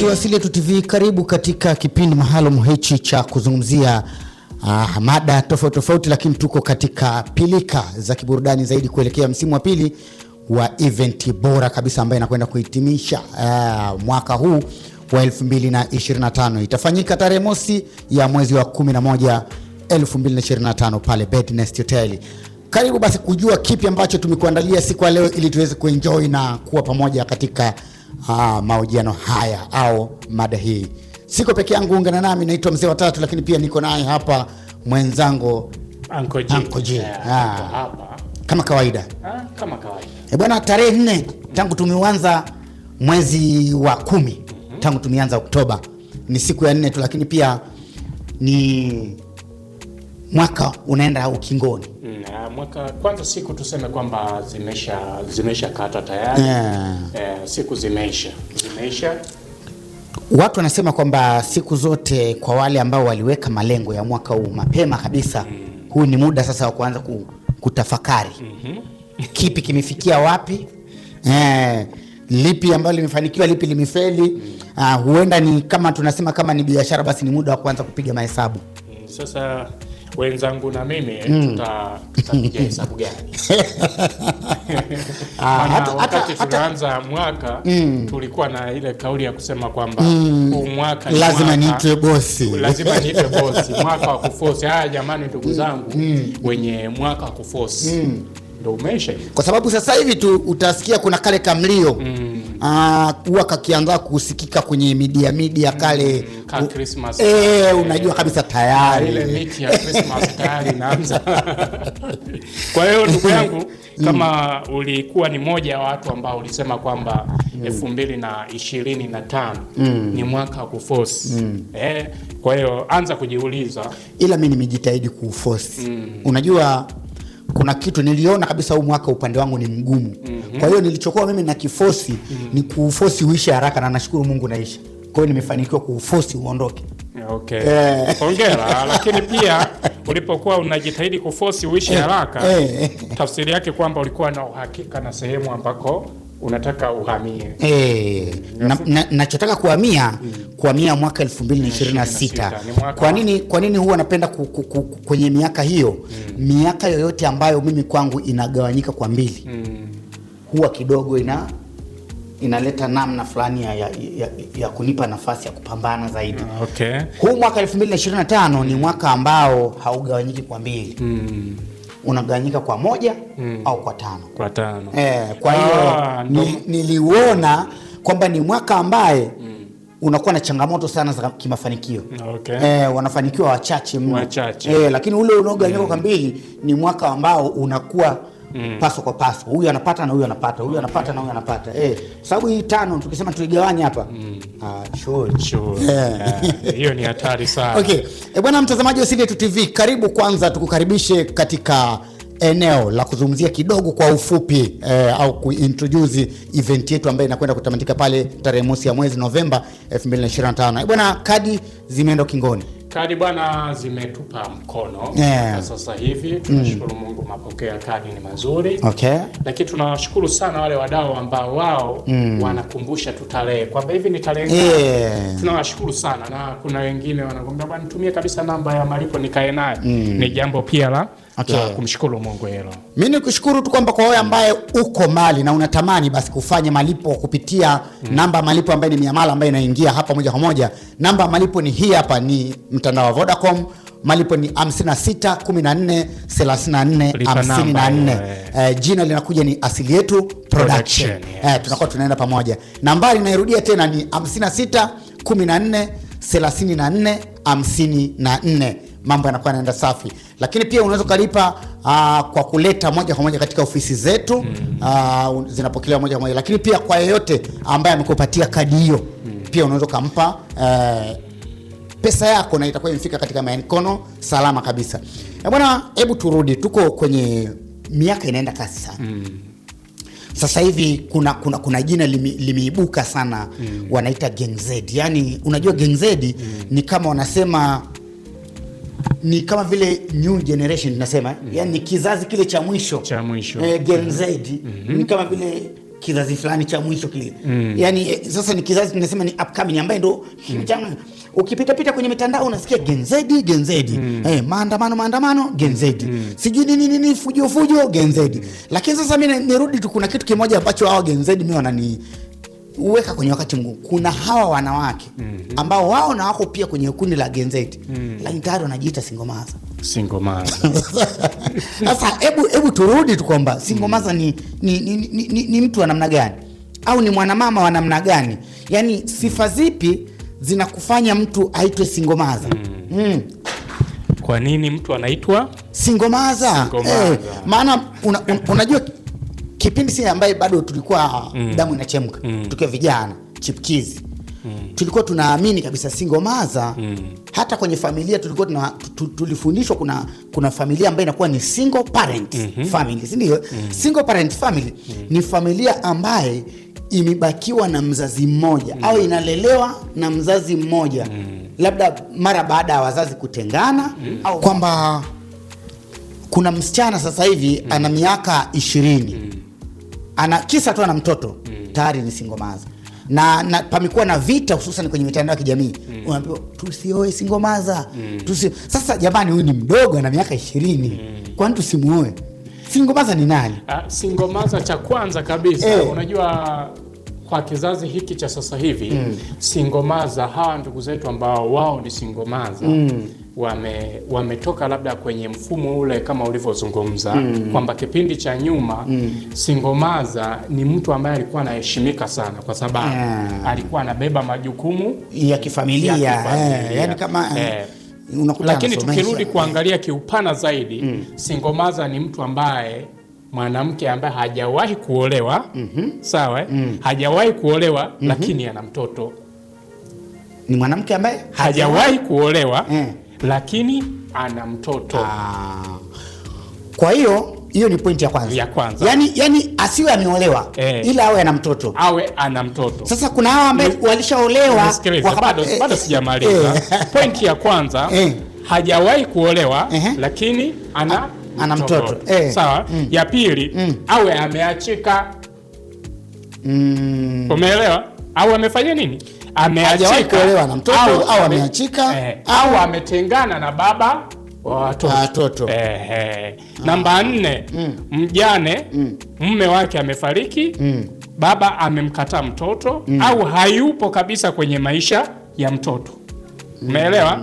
Mtazamaji wa Asili Yetu TV, karibu katika kipindi maalum hichi cha kuzungumzia ah, mada tofauti tofauti, lakini tuko katika pilika za kiburudani zaidi kuelekea msimu wa pili wa event bora kabisa ambayo inakwenda kuhitimisha ah, mwaka huu wa 2025 itafanyika tarehe mosi ya mwezi wa 11 2025 pale Bednest Hotel. Karibu basi kujua kipi ambacho tumekuandalia siku ya leo ili tuweze kuenjoy na kuwa pamoja katika Ah, mahojiano haya au mada hii. Siko peke yangu, ungana nami, naitwa mzee wa tatu, lakini pia niko naye hapa mwenzangu Anko G. Ah. Kama kawaida, ah, kama kawaida. E bwana, tarehe nne tangu tumeanza mwezi wa kumi, mhm. tangu tumeanza Oktoba, ni siku ya nne tu, lakini pia ni mwaka unaenda ukingoni. mwaka kwanza, siku tuseme kwamba zimesha zimesha kata tayari yeah. E, eh, siku zimeisha zimeisha. Watu wanasema kwamba siku zote kwa wale ambao waliweka malengo ya mwaka huu mapema kabisa mm. Huu ni muda sasa wa kuanza kutafakari mm -hmm. Kipi kimefikia wapi? E, lipi ambalo limefanikiwa, lipi limefeli? mm. Uh, huenda ni kama tunasema kama ni biashara, basi ni muda wa kuanza kupiga mahesabu mm. Sasa wenzangu na mimi eh, hmm. tutapiga hesabu gani? Ah, wakati tunaanza mwaka mm, tulikuwa na ile kauli ya kusema kwamba hmm. huu mwaka lazima niitwe bosi, lazima niitwe bosi, mwaka wa kufosi. Haya jamani, ndugu hmm. zangu mm, wenye mwaka wa kufosi mm, ndio umeisha, kwa sababu sasa hivi tu utasikia kuna kale kamlio mm huwa ah, kakianza kusikika kwenye midia midia mm, kale mm, ka e, unajua kabisa tayari kwa hiyo ndugu yangu mm. kama ulikuwa ni moja wa watu ambao ulisema kwamba mm. elfu mm. mbili na ishirini na tano mm. ni mwaka wa kufosi mm. eh, kwa hiyo anza kujiuliza, ila mi nimejitahidi kuufosi mm. unajua kuna kitu niliona kabisa huu mwaka upande wangu ni mgumu. mm -hmm. Kwa hiyo nilichokuwa mimi na kifosi mm -hmm. ni kuufosi uishe haraka, na nashukuru Mungu naisha. Kwa hiyo nimefanikiwa kuufosi uondoke. Okay. Eh. ongera lakini pia ulipokuwa unajitahidi kufosi uishi eh, haraka eh, eh, tafsiri yake kwamba ulikuwa na uhakika na sehemu ambako unataka uhamie hey, eh, nachotaka na, na kuhamia hmm. kuhamia mwaka 2026. Kwa nini, kwa nini huwa napenda ku, ku, ku, kwenye miaka hiyo hmm. miaka yoyote ambayo mimi kwangu inagawanyika kwa mbili hmm. huwa kidogo ina inaleta namna fulani ya, ya, ya, ya kunipa nafasi ya kupambana zaidi. Okay. Huu mwaka 2025 ni mwaka ambao haugawanyiki kwa mbili hmm unagawanyika kwa moja mm. au kwa tano kwa tano. E, kwa hiyo ah, ni, niliuona kwamba ni mwaka ambaye mm unakuwa na changamoto sana za kimafanikio okay. Eh, wanafanikiwa wachache mno eh, lakini ule unaogawanyika mm. kwa mbili ni mwaka ambao unakuwa mm. paso kwa paso, huyu anapata na huyu anapata, huyu anapata na huyu anapata eh, sababu hii tano tukisema tuigawanye hapa mm. ah, sure sure yeah. Ah, hiyo ni hatari sana. Okay e, bwana mtazamaji wa Seed8 TV, karibu kwanza tukukaribishe katika eneo la kuzungumzia kidogo kwa ufupi eh, au kuintroduce event yetu ambayo inakwenda kutamatika pale tarehe mosi ya mwezi Novemba 2025. Eh, bwana, kadi zimeenda kingoni kadi bwana zimetupa mkono yeah. Sasa hivi mm. tunashukuru mm. Mungu, mapokeo ya kadi ni mazuri okay. Lakini tunawashukuru sana wale wadau ambao wao mm. wanakumbusha tu tarehe kwamba hivi ni tarehe yeah. Tunawashukuru sana na kuna wengine wanakwambia bwana, nitumie kabisa namba ya malipo nikae naye mm. Ni jambo pia la hata yeah. kumshukuru Mungu hilo. Mimi nikushukuru tu kwamba kwa wewe ambaye uko mali na unatamani basi kufanya malipo kupitia mm. namba malipo ambayo ni miamala ambayo inaingia hapa moja kwa moja. Namba malipo ni hii hapa, ni mtandao wa Vodacom malipo ni 56 14 34 54. Jina linakuja ni Asili Yetu Production. production Yes. Eh, tunakuwa tunaenda pamoja. Nambari nairudia tena ni 56 14 34 54 mambo yanakuwa yanaenda safi, lakini pia unaweza ukalipa uh, kwa kuleta moja kwa moja katika ofisi zetu hmm. uh, zinapokelewa moja kwa moja, lakini pia kwa yeyote ambaye amekupatia kadi hiyo hmm. pia unaweza ukampa uh, pesa yako na itakuwa imefika katika mikono salama kabisa. E bwana, hebu turudi, tuko kwenye miaka inaenda kasi sana mm. Sasa hivi kuna, kuna, kuna jina limi, limeibuka sana mm. Wanaita Gen Z, yani unajua Gen Z mm. ni kama wanasema ni kama vile new generation tunasema, mm -hmm. yani kizazi kile cha mwisho cha mwisho eh, Gen mm. Z mm -hmm. ni kama vile kizazi fulani cha mwisho kile mm. Yani eh, sasa ni kizazi tunasema ni upcoming ambaye ndo mm. ukipita pita kwenye mitandao unasikia Gen Z Gen Z mm. eh, maandamano maandamano Gen Z mm. sijui nini nini fujo fujo Gen Z mm. Lakini sasa mimi nirudi tu, kuna kitu kimoja ambacho hao Gen Z mimi wanani weka kwenye wakati mgumu. Kuna hawa wanawake mhm. ambao wao na wako pia kwenye kundi la genzeti mm. lakini tayari wanajiita singomaza singomaza. Sasa hebu hebu turudi tu kwamba singomaza ni, ni, ni, ni, ni, ni mtu wa namna gani au ni mwanamama wa namna gani? Yaani sifa zipi zinakufanya mtu aitwe singomaza mm. mm. Kwa nini mtu anaitwa singomaza? Eh, maana una, un, unajua kipindi sile ambaye bado tulikuwa mm. damu inachemka mm. tukiwa vijana chipkizi Mm. Tulikuwa tunaamini kabisa singomaza mm. Hata kwenye familia tulikuwa tuna, tulifundishwa kuna, kuna familia ambayo inakuwa ni single parent mm -hmm. family, si ndio? mm. Single parent family mm. ni familia ambaye imebakiwa na mzazi mmoja mm. au inalelewa na mzazi mmoja mm. labda mara baada ya wazazi kutengana mm. au kwamba kuna msichana sasa hivi mm. ana miaka ishirini mm ana kisa tu ana mtoto mm. tayari ni singomaza na, na pamekuwa na vita hususan kwenye mitandao ya kijamii mm. unaambiwa tusioe singomaza mm. tusi... Sasa jamani, huyu ni mdogo ana miaka ishirini mm. kwani tusimuoe singomaza? Ni nani ah, singomaza? cha kwanza kabisa eh. unajua kwa kizazi hiki cha sasa hivi mm. singomaza hawa ndugu zetu ambao wao ni singomaza mm wame wametoka labda kwenye mfumo ule kama ulivyozungumza mm. kwamba kipindi cha nyuma mm. Singomaza ni mtu ambaye alikuwa anaheshimika sana kwa sababu yeah. alikuwa anabeba majukumu ya kifamilia, ya kifamilia. Yeah. Yani kama eh. eh. Lakini tukirudi eh. kuangalia kiupana zaidi mm. Singomaza ni mtu ambaye mwanamke ambaye hajawahi kuolewa mm -hmm. sawa mm. hajawahi kuolewa mm -hmm. lakini ana mtoto, ni mwanamke ambaye hajawahi kuolewa mm lakini ana mtoto ah. Kwa hiyo hiyo ni pointi ya kwanza ya kwanza, yani, yani asiwe ameolewa eh, ila awe ana mtoto awe ana mtoto. Sasa kuna hawa ambao walishaolewa bado eh, bado sijamaliza eh. Pointi ya kwanza eh, hajawahi kuolewa eh, lakini ana ana mtoto eh. Sawa mm. Ya pili mm, awe ameachika mm, umeelewa au amefanya nini ameachika na mtoto au, ameachika eh, au ametengana na baba wa watoto ah, ah. Namba nne mm. mjane mm. mume wake amefariki mm. baba amemkataa mtoto au hayupo kabisa kwenye maisha ya mtoto umeelewa?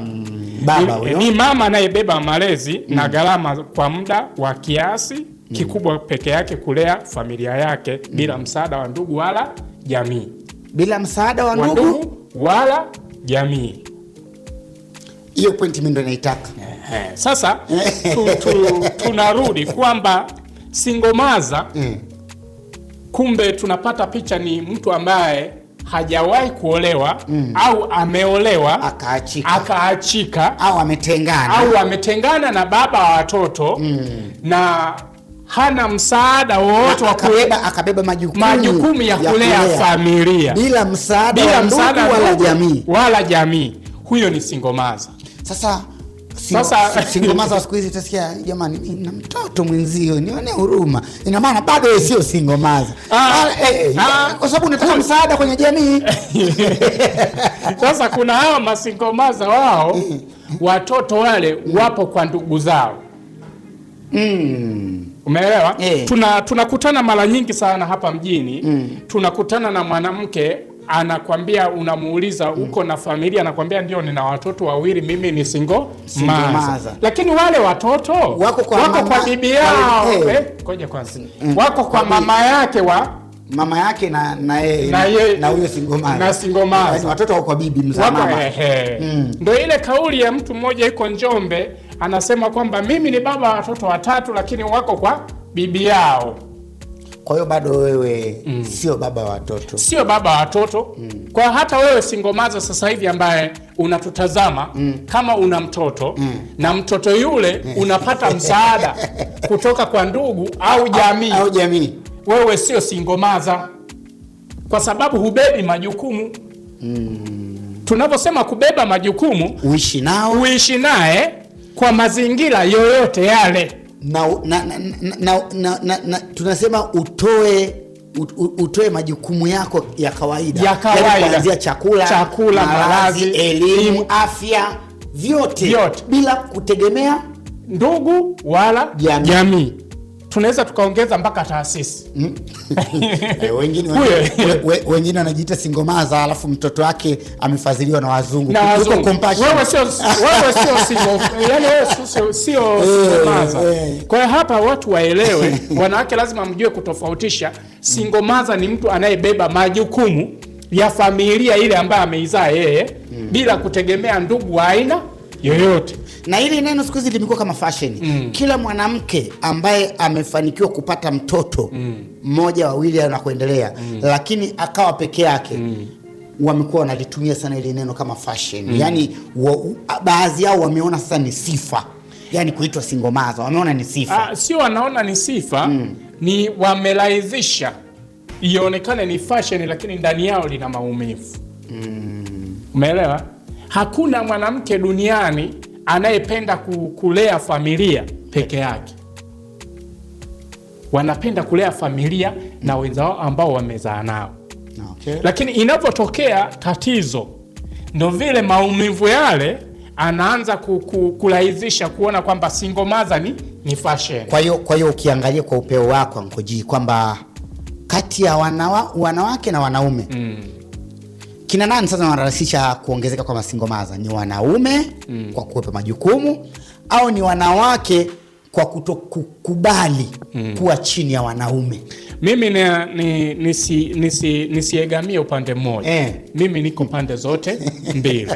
Baba ni, ni mama anayebeba malezi na gharama kwa muda wa kiasi kikubwa peke yake kulea familia yake bila msaada wa ndugu wala jamii bila msaada wa ndugu wala jamii. Hiyo pointi mimi ndo naitaka. Sasa tu, tu, tunarudi kwamba singomaza mm. Kumbe tunapata picha ni mtu ambaye hajawahi kuolewa mm. au ameolewa akaachika, akaachika au ametengana, au ametengana na baba wa watoto mm. na hana msaada wowote wa kuweka akabeba majukumu, majukumu ya, ya kulea, familia bila msaada, bila msaada ndugu wala jamii wala jamii, huyo ni singomaza. Sasa Singo, sasa singomaza wa siku hizi utasikia, jamani, na mtoto mwenzio nione huruma. Ina maana bado yeye sio singomaza, ah. Ah, eh, eh, ah. kwa sababu unataka msaada kwenye jamii. Sasa kuna hawa masingomaza wao eh. watoto wale wapo kwa ndugu zao mm. Umeelewa? Hey. Eh. Tuna tunakutana mara nyingi sana hapa mjini mm. tunakutana na mwanamke anakwambia, unamuuliza huko mm. na familia, anakwambia ndio, nina watoto wawili, mimi ni single maza lakini wale watoto wako kwa, wako mama, kwa bibi yao hey. eh, koja eh, kwanza mm. wako kwa Wabi. mama yake wa mama yake na na yeye na huyo na single mama na single mama watoto wako kwa bibi mzaa mama, mm. ndio ile kauli ya mtu mmoja iko Njombe anasema kwamba mimi ni baba wa watoto watatu, lakini wako kwa bibi yao. Kwa hiyo bado wewe mm. sio baba wa watoto, sio baba wa watoto mm. kwa hata wewe singomaza sasa hivi ambaye unatutazama mm. kama una mtoto mm. na mtoto yule mm. unapata msaada kutoka kwa ndugu au ah, jamii, au jamii, wewe sio singomaza kwa sababu hubebi majukumu mm. Tunaposema kubeba majukumu, uishi nao, uishi naye kwa mazingira yoyote yale na, na, na, na, na, na, na, tunasema utoe utoe majukumu yako ya kawaida ya yaani kawaida chakula, chakula malazi, elimu, afya vyote, vyote bila kutegemea ndugu wala jamii tunaweza tukaongeza mpaka taasisi hmm? eh, wengine wengine wanajiita singomaza, alafu mtoto wake amefadhiliwa na wazungu. Wewe sio singomaza. Kwa hiyo hapa watu waelewe, wanawake lazima mjue kutofautisha. Singomaza ni mtu anayebeba majukumu ya familia ile ambayo ameizaa yeye hmm. bila kutegemea ndugu wa aina yoyote. Na ile neno siku hizi limekuwa kama fashion mm. Kila mwanamke ambaye amefanikiwa kupata mtoto mm. mmoja mm. wawili na kuendelea mm. lakini akawa peke yake mm wamekuwa wanalitumia sana ile neno kama fashion mm. Yani baadhi yao wameona sasa ni sifa, yani kuitwa singomazo wameona ni sifa. Ah, sio wanaona ni sifa mm. ni wamelaizisha ionekane ni fashion, lakini ndani yao lina maumivu mm. Umeelewa? Hakuna mwanamke duniani anayependa kulea familia peke yake, wanapenda kulea familia na wenzao ambao wamezaa nao okay. Lakini inapotokea tatizo, ndo vile maumivu yale anaanza kurahisisha kuona kwamba single mother ni, ni fashion. Kwa hiyo kwa hiyo ukiangalia kwa upeo wako Anko kwamba kati ya wanawa, wanawake na wanaume mm kina nani sasa wanarahisisha kuongezeka kwa masingomaza? Ni wanaume mm. kwa kuwepa majukumu au ni wanawake kwa kutokukubali mm. kuwa chini ya wanaume? Mimi nisi, nisi, nisiegamie upande mmoja eh. Mimi niko pande zote mbili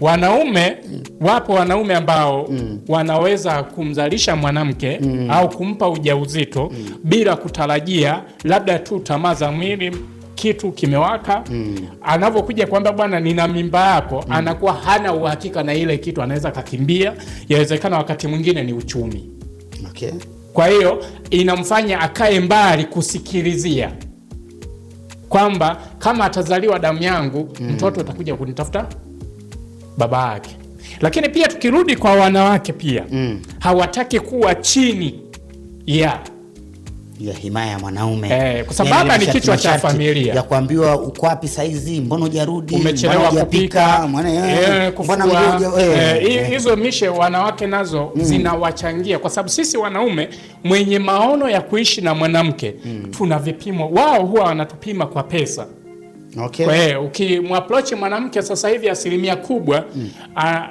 wanaume mm. wapo wanaume ambao mm. wanaweza kumzalisha mwanamke mm. au kumpa ujauzito mm. bila kutarajia labda tu tamaa za mwili kitu kimewaka mm. Anavyokuja kwamba bwana, nina mimba yako mm. Anakuwa hana uhakika na ile kitu, anaweza kakimbia. Yawezekana wakati mwingine ni uchumi okay. Kwa hiyo inamfanya akae mbali kusikilizia kwamba kama atazaliwa damu yangu mm. mtoto atakuja kunitafuta baba yake. Lakini pia tukirudi kwa wanawake pia mm. hawataki kuwa chini ya yeah ya himaya ya mwanaume eh, kwa yaani sababu baba ni kichwa cha familia, ya kuambiwa uko wapi saa hizi mbona hujarudi, umechelewa kupika, mwana mbona eh, eh, eh, hizo mishe. Wanawake nazo mm. zinawachangia kwa sababu sisi wanaume mwenye maono ya kuishi na mwanamke mm. tuna vipimo, wao huwa wanatupima kwa pesa okay. Kwa hiyo ukimwaproach mwanamke sasa hivi asilimia kubwa mm. a,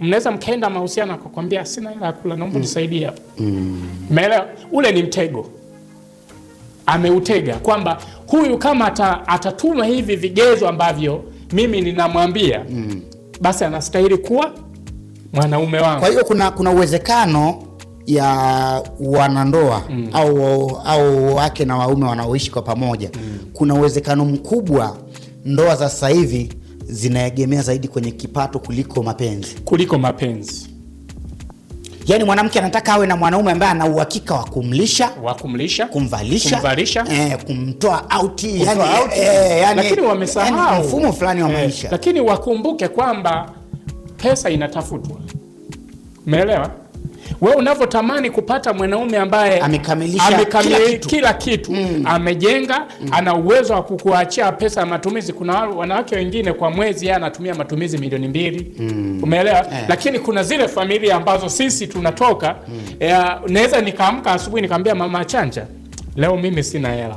mnaweza mkaenda mahusiano akakwambia sina hela ya kula, naomba mm. nisaidie hapo. Hmm. Umeelewa? Ule ni mtego ameutega kwamba huyu kama ata, atatuma hivi vigezo ambavyo mimi ninamwambia mm. basi anastahili kuwa mwanaume wangu. Kwa hiyo kuna, kuna uwezekano ya wanandoa mm. au, au wake na waume wanaoishi kwa pamoja mm. kuna uwezekano mkubwa ndoa za sasa hivi zinaegemea zaidi kwenye kipato kuliko mapenzi, kuliko mapenzi. Yaani mwanamke anataka awe na mwanaume ambaye ana uhakika wa kumlisha, wa kumlisha, kumvalisha, kumvalisha, eh, kumtoa out, yani, eh, yani, lakini wamesahau yani mfumo fulani wa eh, maisha eh, lakini wakumbuke kwamba pesa inatafutwa. Umeelewa? wewe unavyotamani kupata mwanaume ambaye amekamilisha kila kitu, kila kitu. Mm. amejenga mm. ana uwezo wa kukuachia pesa ya matumizi. Kuna wanawake wengine kwa mwezi yeye anatumia matumizi milioni mbili mm. umeelewa eh. Lakini kuna zile familia ambazo sisi tunatoka mm. Eh, naweza nikaamka asubuhi nikamwambia mama Chanja, leo mimi sina hela,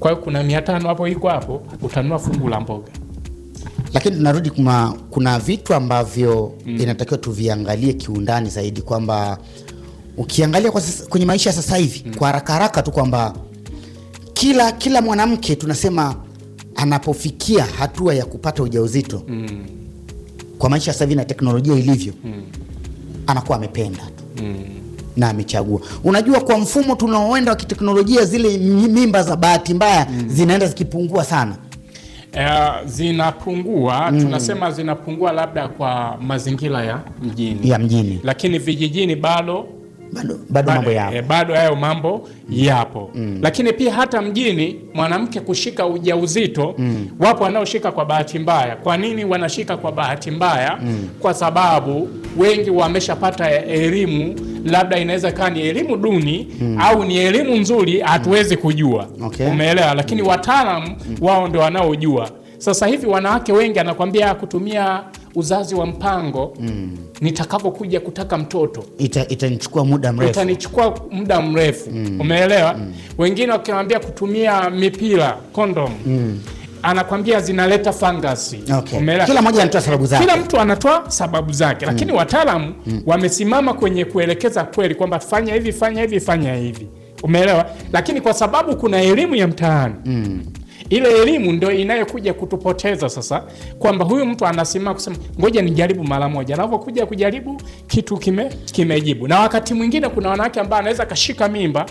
kwa hiyo kuna mia tano hapo iko hapo, utanua fungu la mboga lakini tunarudi kuna, kuna vitu ambavyo mm. inatakiwa tuviangalie kiundani zaidi kwamba ukiangalia kwa sasa, kwenye maisha ya sasa hivi mm. kwa haraka haraka tu kwamba kila, kila mwanamke tunasema anapofikia hatua ya kupata ujauzito mm. kwa maisha sasa hivi na teknolojia ilivyo mm. anakuwa amependa tu mm. na amechagua. Unajua, kwa mfumo tunaoenda wa kiteknolojia zile mimba za bahati mbaya mm. zinaenda zikipungua sana Uh, zinapungua mm. Tunasema zinapungua labda kwa mazingira ya mjini, ya mjini, lakini vijijini bado bado, bado, bado, mambo e, bado hayo mambo yapo mm. Lakini pia hata mjini mwanamke kushika ujauzito mm. Wapo wanaoshika kwa bahati mbaya. Kwa nini wanashika kwa bahati mbaya? mm. Kwa sababu wengi wameshapata elimu, labda inaweza ikawa ni elimu duni mm. au ni elimu nzuri, hatuwezi kujua okay. Umeelewa? Lakini mm. wataalam mm. wao ndio wanaojua. Sasa hivi wanawake wengi anakwambia kutumia uzazi wa mpango mm. nitakapokuja kutaka mtoto itanichukua muda mrefu, itanichukua muda mrefu mm. umeelewa mm. Wengine wakiwambia kutumia mipira kondom mm. anakwambia zinaleta fangasi okay. kila mmoja anatoa sababu zake, kila mtu anatoa sababu zake mm. Lakini wataalamu mm. wamesimama kwenye kuelekeza kweli kwamba fanya hivi, fanya hivi, fanya hivi, umeelewa. Lakini kwa sababu kuna elimu ya mtaani mm. Ile elimu ndio inayokuja kutupoteza sasa, kwamba huyu mtu anasimama kusema ngoja nijaribu mara moja, anavyokuja kujaribu kitu kime kimejibu. Na wakati mwingine kuna wanawake ambao anaweza kashika mimba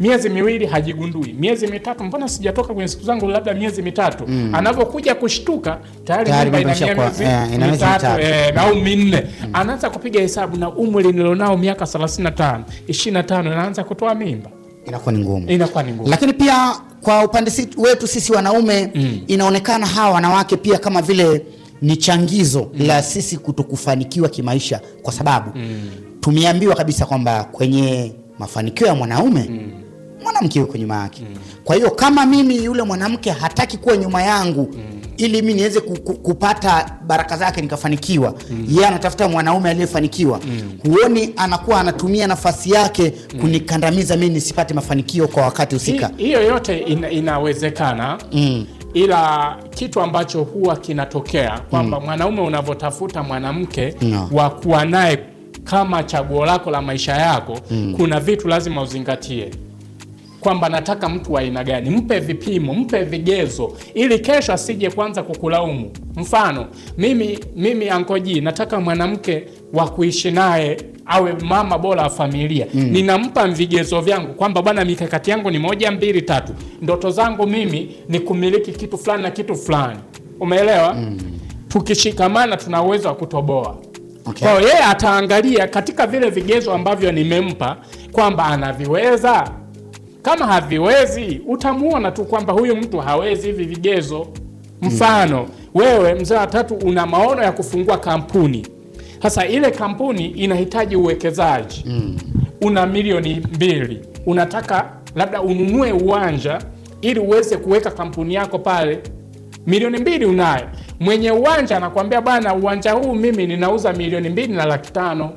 miezi miwili hajigundui, miezi mitatu, mbona sijatoka kwenye siku zangu, labda miezi mitatu mm. Anavyokuja kushtuka tayari eh, ina miezi yeah, mitatu eh, au minne, mm. anaanza kupiga hesabu na umri nilionao miaka 35 25, anaanza kutoa mimba inakuwa ni ngumu, inakuwa ni ngumu. Lakini pia kwa upande wetu sisi wanaume mm. inaonekana hawa wanawake pia kama vile ni changizo mm. la sisi kutokufanikiwa kimaisha, kwa sababu mm. tumeambiwa kabisa kwamba kwenye mafanikio ya mwanaume mm. mwanamke yuko nyuma yake mm. kwa hiyo kama mimi yule mwanamke hataki kuwa nyuma yangu mm ili mimi niweze kupata baraka zake nikafanikiwa. Mm. Yeye anatafuta mwanaume aliyefanikiwa. Mm. Huoni anakuwa anatumia nafasi yake mm. kunikandamiza mimi nisipate mafanikio kwa wakati husika. Hiyo yote ina, inawezekana. Mm. Ila kitu ambacho huwa kinatokea mm. kwamba mm. mwanaume unavyotafuta mwanamke no. wa kuwa naye kama chaguo lako la maisha yako mm. kuna vitu lazima uzingatie kwamba nataka mtu wa aina gani. Mpe vipimo, mpe vigezo, ili kesho asije kwanza kukulaumu. Mfano mimi, mimi ankoji nataka mwanamke wa kuishi naye awe mama bora wa familia mm. Ninampa vigezo vyangu kwamba bwana, mikakati yangu ni moja mbili tatu, ndoto zangu mimi ni kumiliki kitu fulani na kitu fulani, umeelewa mm. Tukishikamana tuna uwezo wa kutoboa okay. Kwa hiyo yeye ataangalia katika vile vigezo ambavyo nimempa kwamba anaviweza kama haviwezi utamuona tu kwamba huyu mtu hawezi hivi vigezo. Mfano wewe mzee wa tatu una maono ya kufungua kampuni, sasa ile kampuni inahitaji uwekezaji hmm, una milioni mbili, unataka labda ununue uwanja ili uweze kuweka kampuni yako pale. Milioni mbili unayo, mwenye uwanja anakuambia bwana, uwanja huu mimi ninauza milioni mbili na laki tano.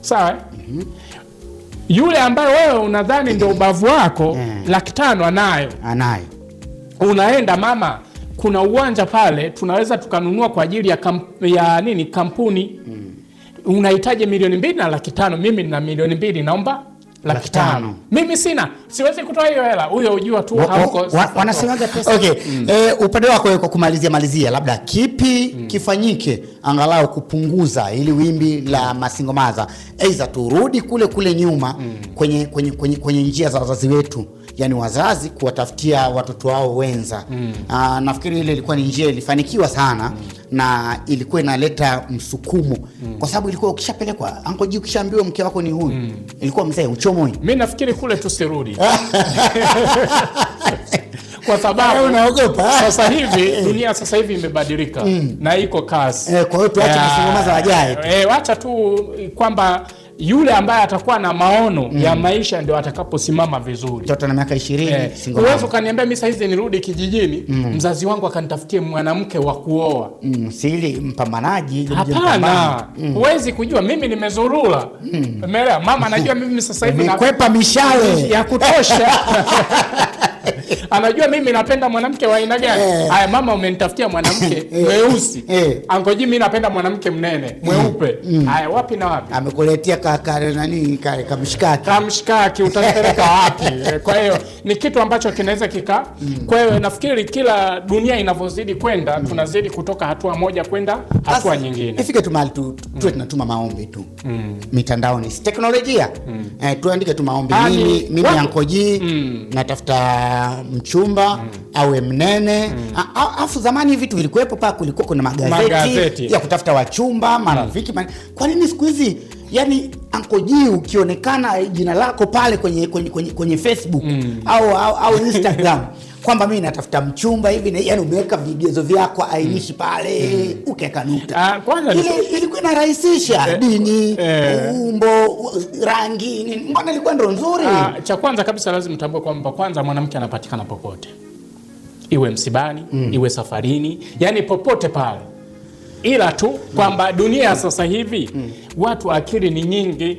Sawa. mm -hmm yule ambaye wewe unadhani ndio ubavu wako yeah. laki tano anayo, anayo. Unaenda mama, kuna uwanja pale tunaweza tukanunua kwa ajili ya, kamp, ya nini kampuni mm. unahitaji milioni mbili na laki tano, mimi na milioni mbili naomba laki tano. Mimi sina, siwezi kutoa hiyo hela, huyo ujua tu hauko. Wanasemaga pesa. Okay. Mm. Eh, upande wako kwa kumalizia malizia, labda kipi mm. kifanyike angalau kupunguza ili wimbi la masingomaza, aidha turudi kule kule nyuma mm. kwenye, kwenye, kwenye, kwenye njia za wazazi wetu yani wazazi kuwatafutia watoto wao wenza mm. Aa, ah, nafikiri ile ilikuwa ni njia ilifanikiwa sana mm. na ilikuwa inaleta msukumo mm. kwa sababu ilikuwa ukishapelekwa ankoji, ukishaambiwa mke wako ni huyu mm. ilikuwa mzee uchomoi. Mimi nafikiri kule tusirudi kwa sababu unaogopa sasa hivi dunia sasa hivi imebadilika mm. na iko kasi e, kwa hiyo tuache kusungumza wajaye eh, wacha tu kwamba yule ambaye atakuwa na maono mm. ya maisha ndio atakaposimama vizuri. Mtoto na miaka 20, eh, Uwezo ukaniambia mimi saizi nirudi kijijini mm. mzazi wangu akanitafutie mwanamke wa kuoa mm. sili mpambanaji. Hapana, mm. huwezi mm. kujua mimi nimezurura mm. Mama anajua mimi sasa hivi nakwepa mishale ya kutosha anajua mimi napenda mwanamke wa aina gani? Eh. Haya, yeah. Mama, umenitafutia mwanamke eh. mweusi. Eh. angoji Jimmy, napenda mwanamke mnene mm. mweupe. Mm. Haya, wapi na wapi? Amekuletea kaka nani kale kamshikaki, kamshikaki utapeleka wapi? Kwa hiyo ni kitu ambacho kinaweza kika. Mm. Kwa hiyo nafikiri kila dunia inavyozidi kwenda, tunazidi kutoka hatua moja kwenda hatua nyingine. Ifike tu mahali tu tuwe tunatuma maombi tu mitandaoni, teknolojia tuandike tu maombi, yaani, mimi mimi Anko natafuta mchumba mm. awe mnene mm. Alafu zamani vitu vilikuwepo, paa kulikuwa kuna magazeti, magazeti ya kutafuta wachumba marafiki mm. Kwa nini siku hizi yani Anko G ukionekana jina lako pale kwenye, kwenye, kwenye, kwenye Facebook mm. au, au, au Instagram kwamba mi natafuta mchumba hivi, yani umeweka vigezo vyako ainishi mm. pale mm. ukeka nukta uh, ah, ile ilikuwa inarahisisha eh, dini eh, umbo, rangi, mbona ilikuwa ndo nzuri uh, cha kwanza kabisa lazima mtambue kwamba kwanza mwanamke anapatikana popote, iwe msibani mm. iwe safarini, yani popote pale ila tu kwamba dunia sasa hivi watu akili ni nyingi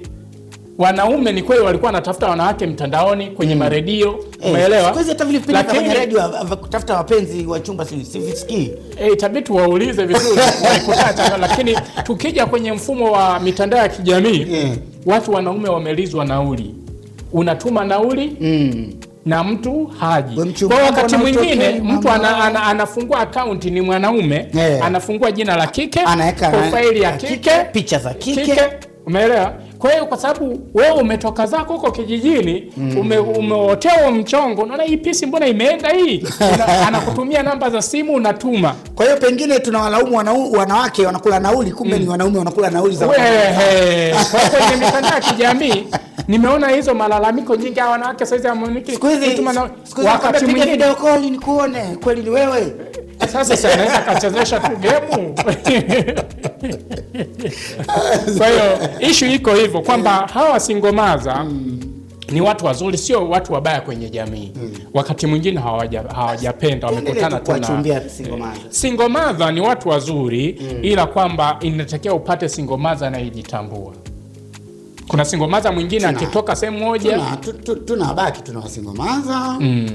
wanaume ni kweli walikuwa wanatafuta wanawake mtandaoni kwenye mm. maredio eh, umeelewa? Kwa hiyo hata vile vipindi vya kutafuta wapenzi wa chumba sivisikii. Eh, itabidi tuwaulize vizuri walikutata, lakini tukija kwenye mfumo wa mitandao ya kijamii yeah. watu wanaume wamelizwa nauli, unatuma nauli mm na mtu haji. Kwa wakati mwingine mtu ana, ana, anafungua akaunti ni mwanaume yeah. Anafungua jina la kike, profaili ya kike, picha za kike, umeelewa? Kwa hiyo kwa sababu wewe umetoka zako huko kijijini mm. ume, umeotewa mchongo, unaona hii pisi mbona imeenda hii, anakutumia namba za simu unatuma. Kwa hiyo pengine tunawalaumu wanawake wanakula nauli, kumbe mm. ni wanaume wanakula nauli za wanaume kwenye mitandao ya kijamii Nimeona hizo malalamiko nyingi ya wanawake sasa hawaamini. Wakati mwingine kweli ni wewe. Sasa si anaweza tu gemu. Kwa hiyo ishu iko hivyo kwamba hawa singomaza ni watu wazuri, sio watu wabaya kwenye jamii hmm. wakati mwingine hawajapenda wamekutana tu na singomaza ni watu wazuri hmm. ila kwamba inatakiwa upate singomaza anayejitambua kuna singomaza mwingine akitoka sehemu moja, baki tuna wasingomaza mm.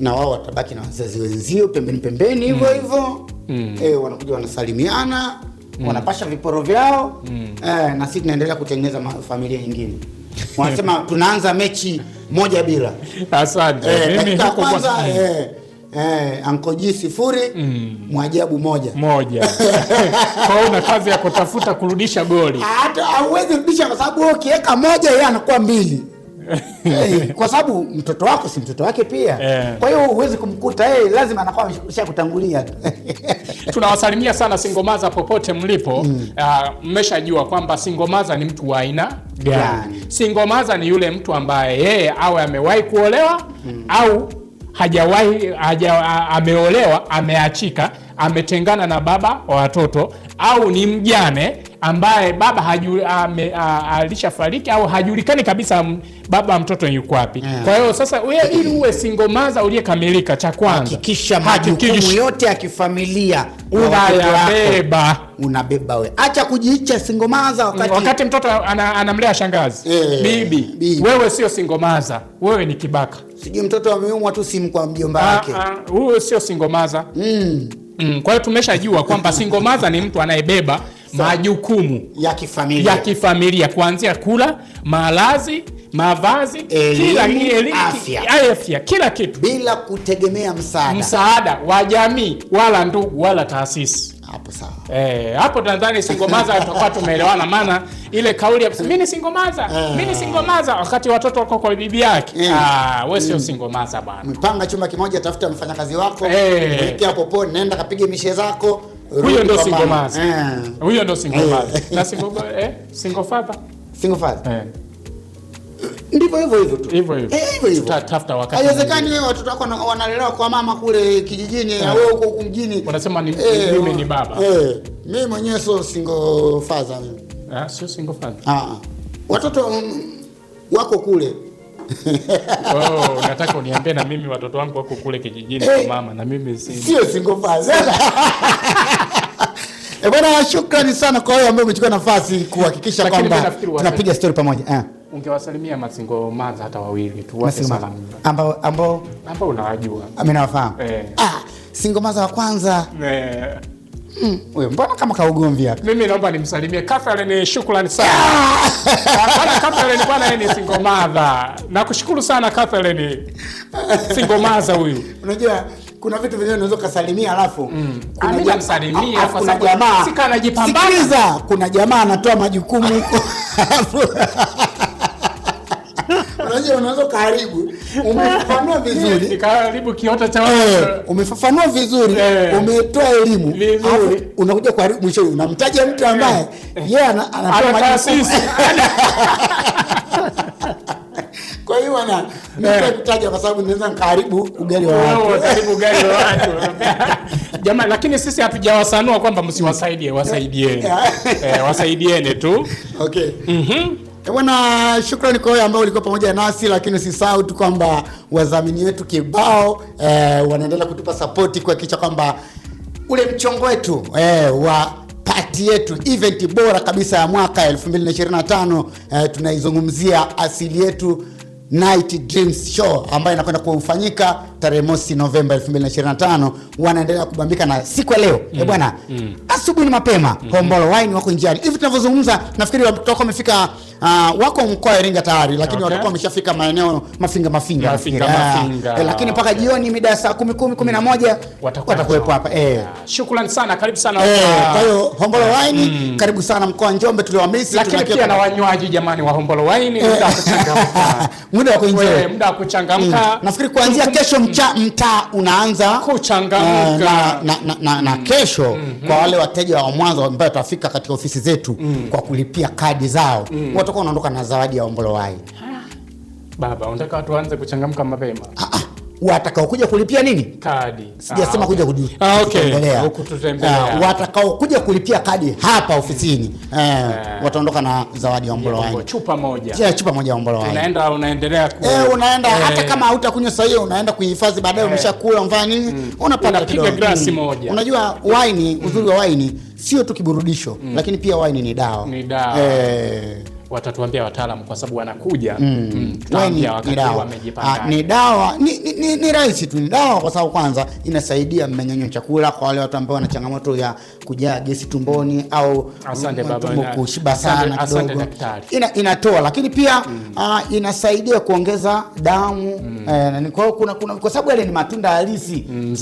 na wao watabaki na wazazi wenzio pembeni pembeni mm. hivyo mm. hivyo eh, mm. e, wanakuja wanasalimiana mm. wanapasha viporo vyao mm. e, na sisi tunaendelea kutengeneza familia nyingine wanasema tunaanza mechi moja bila. Asante. e, mimi huko kwanza Eh, ankoji sifuri mm. mwajabu moja moja. Kwa una kazi ya kutafuta kurudisha goli. Hata hauwezi kurudisha kwa sababu ukiweka moja yeye anakuwa mbili hey, eh, kwa sababu mtoto wako si mtoto wake pia yeah. Kwa hiyo huwezi kumkuta yeye, eh, lazima anakuwa ameshakutangulia tu. Tunawasalimia sana Singomaza popote mlipo mm. Ah, mmeshajua mm. Uh, kwamba Singomaza ni mtu wa aina gani? Singomaza ni yule mtu ambaye yeye awe amewahi kuolewa mm. au hajawahi haja, ameolewa, ameachika, ametengana na baba wa watoto, au ni mjane ambaye baba haju, ame, alishafariki au hajulikani kabisa baba wa mtoto yuko wapi? Yeah. Kwa hiyo sasa uye, ili uwe singomaza uliyekamilika, cha kwanza hakikisha majukumu yote ya kifamilia unayabeba unabeba wewe. Acha kujiicha singomaza wakati, wakati mtoto anamlea ana shangazi, yeah, bibi. Bibi wewe sio singomaza, wewe ni kibaka sijui mtoto ameumwa tu simu kwa mjomba wake. Ah, ah, huyo sio singomaza. Mm. Mm, kwa hiyo tumeshajua kwamba singomaza ni mtu anayebeba so, majukumu ya kifamilia, ya kifamilia kuanzia kula, malazi mavazi afya, kila kitu bila kutegemea msaada msaada wa jamii wala ndugu wala taasisi hapo sawa. Eh, hapo nadhani singomaza tutakuwa tumeelewana, maana ile kauli ya mimi ni singomaza, mimi ni eh. singomaza wakati watoto wako kwa bibi yake. Eh. Ah, wewe sio mm. singomaza bwana. Mpanga chuma kimoja, tafuta mfanyakazi wako, eh. weke hapo popo, nenda kapige mishe zako. Huyo ndio singomaza. Huyo ndio singomaza. Na singo eh, singo father. Single father. Eh ndivyo hivyo hivyo tu hivyo hivyo eh, hivyo hivyo, tutatafuta wakati. Haiwezekani wewe watoto wako wanalelewa kwa mama kule kijijini eh. au yeah, huko huko mjini, wanasema ni eh, mimi ni baba eh. Mimi mwenyewe sio single father mimi, ah, sio single father ah, ah. watoto mm, wako kule Oh, nataka uniambie na mimi watoto wangu wako kule kijijini kwa mama na mimi sio single father. Eh, bwana shukrani sana kwa wewe ambaye umechukua nafasi kuhakikisha kwamba tunapiga story pamoja. eh ungewasalimia masingo maza hata wawili tu ambao ambao ambao unawajua ah, mimi nawafahamu eh. Ah, singo maza wa kwanza eh. mm, Huyo mbona kama kaugomvi hapa? Mimi naomba nimsalimie Catherine, shukrani sana. Ah! Bwana Catherine, bwana yeye ni single mother. Nakushukuru sana Catherine. singo maza huyu. Unajua kuna vitu vingine unaweza kusalimia alafu. Hmm. kuna ah, Mimi namsalimia kwa sababu jamaa. Sikana jipambana. Sikiliza, kuna jamaa anatoa majukumu huko. moja unaweza kuharibu. Umefafanua vizuri, karibu kiota cha eh, wewe. Umefafanua vizuri, eh. umetoa elimu vizuri, unakuja kuharibu. Mwisho unamtaja mtu eh. ambaye yeye anatoa majukumu kwa hiyo bwana, mimi kutaja kwa sababu naweza nikaharibu ugali wa oh, watu, karibu ugali wa watu jamaa. Lakini sisi hatujawasanua kwamba msiwasaidie, wasaidieni, eh, wasaidieni tu, okay. Mhm. Eh, bwana, shukrani kwa wewe ambao ulikuwa pamoja nasi, lakini usisahau tu kwamba wadhamini wetu kibao eh, wanaendelea kutupa sapoti kuhakikisha kwamba ule mchongo wetu eh, wa pati yetu event bora kabisa ya mwaka 2025 eh, tunaizungumzia asili yetu Night Dreams Show ambayo inakwenda kufanyika tarehe mosi Novemba 2025. Wanaendelea kubambika na siku ya leo eh, mm. Eh bwana mm asubuhi ni mapema mm -hmm. Hombolo Wine wako njiani hivi tunavyozungumza, nafikiri watoka wamefika uh, wako mkoa wa Iringa tayari, lakini okay. watakuwa wameshafika maeneo mafinga mafinga, mafinga, yeah. mafinga. Yeah. Eh, lakini mpaka okay. jioni mida ya saa 10 10 11 watakuwepo hapa eh. Shukrani sana, karibu sana eh, kwa hiyo Hombolo mm. Wine mm. karibu sana mkoa wa Njombe tuliowamisi, lakini pia na wanywaji jamani wa Hombolo Wine eh. muda wa kuenjoy, muda wa kuchangamka. mm. Nafikiri kuanzia kesho mcha mm. mtaa unaanza kuchangamka eh, na na mm. kesho mm-hmm. kwa wale wa wateja wa mwanzo ambao watafika katika ofisi zetu mm. kwa kulipia kadi zao mm. watakuwa wanaondoka na zawadi ya ombolo wai. Baba, unataka watu waanze kuchangamka mapema. Ah, ah watakaokuja kulipia nini kadi, sijasema ah, okay. kuja ah, okay. uh, watakaokuja kulipia kadi hapa ofisini mm. uh, eh, yeah. wataondoka na zawadi ya mbolo wangu chupa moja yeah, chupa moja ya mbolo wangu Unaenda unaendelea ku eh, unaenda eh. hata kama hautakunywa sasa hiyo unaenda kuhifadhi baadaye, eh. umeshakula mfano nini mm. unapata kidogo glasi moja. Unajua wine, uzuri wa wine sio tu kiburudisho mm. lakini pia wine ni dawa, ni dawa. Eh, watatuambia wataalamu kwa sababu wanakuja mm. Mm. wakati wamejipanga. Ah, ni dawa ni, ni, ni, ni rahisi tu, ni dawa kwa sababu kwanza inasaidia mmeng'enyo chakula kwa wale watu ambao wana changamoto ya kujaa gesi tumboni au tumbo kushiba sana kidogo, ina, inatoa lakini pia mm. uh, inasaidia kuongeza damu mm. eh, kwa kuna, kuna, kwa sababu yale ni matunda halisi mm,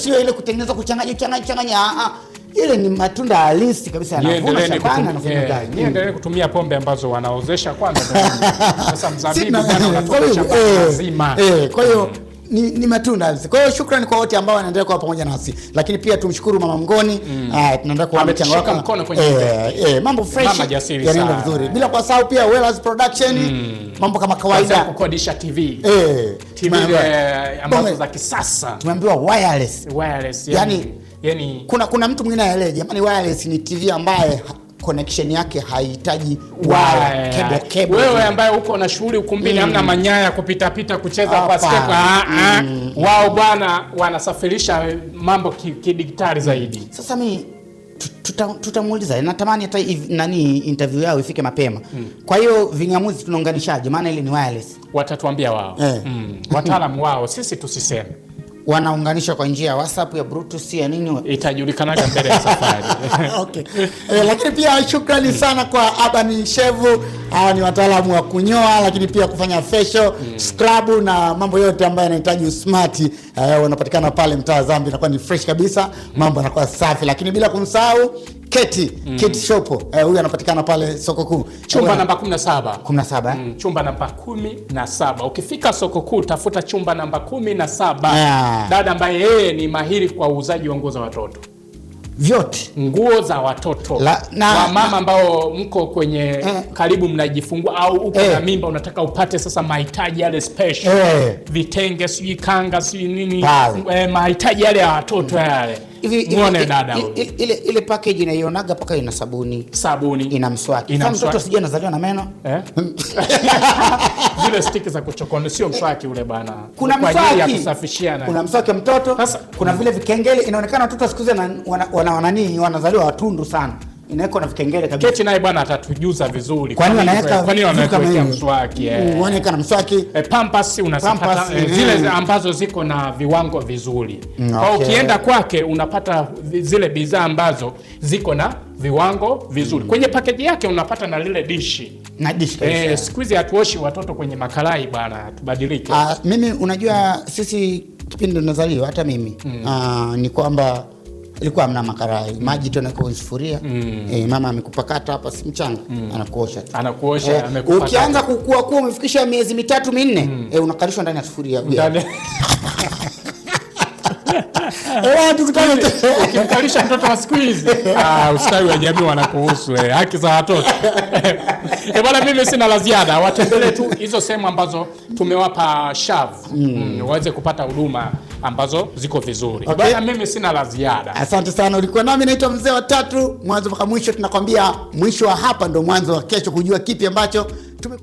sio ile kutengeneza kuchanganya changanya changanya ah, ile ni matunda halisi kabisa, yanavuna shambani, anafanya kazi. Eh, Niendelee kutumia pombe ambazo wanaozesha kwanza. Sasa mzabibu bwana unatoka shambani nzima. Eh, eh, kwa hiyo mm. ni, ni matunda halisi. Kwa hiyo shukrani kwa wote ambao wanaendelea kuwa pamoja nasi, lakini pia tumshukuru Mama Mngoni mm. tunaenda kuwa mchango wako eh, eh, mambo fresh yanaenda vizuri, bila kusahau pia Wellers Production mm. mambo kama kawaida kukodisha TV eh, TV eh, ambazo za kisasa tumeambiwa wireless wireless, yani yaani yani... kuna kuna mtu mwingine aelewe, jamani, wireless ni TV ambaye connection yake haihitaji waya kebo kebo. Wewe ambaye uko na shughuli ukumbini, mm. amna manyaya kupita pita kucheza basketball ah, ah. mm. wao bwana wanasafirisha mambo kidigitali ki zaidi. Sasa mi tutamuuliza tuta, natamani hata nani interview yao ifike mapema mm. Kwa hiyo ving'amuzi tunaunganishaje? Maana ile ni wireless, watatuambia wao eh. mm. wataalamu wao, sisi tusiseme wanaunganishwa kwa njia ya WhatsApp ya Bluetooth ya nini, itajulikanaga mbele ya safari okay. E, lakini pia shukrani sana kwa abani Shevu. Hawa ni wataalamu wa kunyoa, lakini pia kufanya facial mm, scrub na mambo yote ambayo yanahitaji usmart. Wanapatikana eh, pale mtaa wa Zambi, inakuwa ni fresh kabisa, hmm. mambo yanakuwa safi, lakini bila kumsahau Keti mm. Keti Shopo eh, huyu anapatikana pale soko kuu chumba namba 17 17 eh? mm, chumba namba 17. Ukifika soko kuu tafuta chumba namba 17 na yeah. Dada ambaye yeye ni mahiri kwa uuzaji wa nguo za watoto vyote nguo za watoto la, na, wa mama ambao mko kwenye eh, karibu mnajifungua au uko eh, na mimba unataka upate sasa mahitaji yale special eh, vitenge sijui kanga sijui nini eh, mahitaji yale ya watoto mm. yale hivi muone dada ile ile package inaionaga paka ina sabuni sabuni ina mswaki. Kama mtoto sija anazaliwa na meno eh, zile stick za kuchokoni sio mswaki ule bana, kuna mswaki ya kusafishia na kuna mswaki mtoto. Sasa kuna vile vikengele, inaonekana watoto siku hizi wana wanani wanazaliwa watundu sana inaweka na vikengele kabisa. Keti naye bwana atatujuza vizuri, Kwa nini kwani wanaweka kwani wanaweka mswaki eh, wanaweka mm, na mswaki eh, pampers unasipata eh, eh. zile ambazo ziko na viwango vizuri. Mm, Kwa ukienda kwake unapata zile bidhaa ambazo ziko na viwango vizuri. Mm. Kwenye pakeji yake unapata na lile dishi na dishi kabisa. Eh, siku hizi hatuoshi watoto kwenye makarai bwana, tubadilike. Ah, Mimi unajua mm. sisi kipindi tunazaliwa hata mimi mm. Ah, Mm. ni kwamba ilikuwa amna makarai, maji tu kwenye sufuria mm. eh, mama amekupakata hapa, si mchanga mm. anakuosha tu anakuosha eh, Ukianza kukua kuwa umefikisha miezi mitatu minne mm. eh, unakalishwa ndani ya sufuria ndani eh, ukimkalisha mtoto wa siku hizi ah, ustawi wa jamii wanakuhusu, eh, haki za watoto eh, bwana. Mimi sina la ziada, watembelee tu hizo sehemu ambazo tumewapa shavu mm. mm waweze kupata huduma ambazo ziko vizuri. Okay. Bwana, mimi sina la ziada. Asante sana, ulikuwa nami, naitwa mzee wa tatu, mwanzo mpaka mwisho. Tunakwambia mwisho wa hapa ndo mwanzo wa kesho, kujua kipi ambacho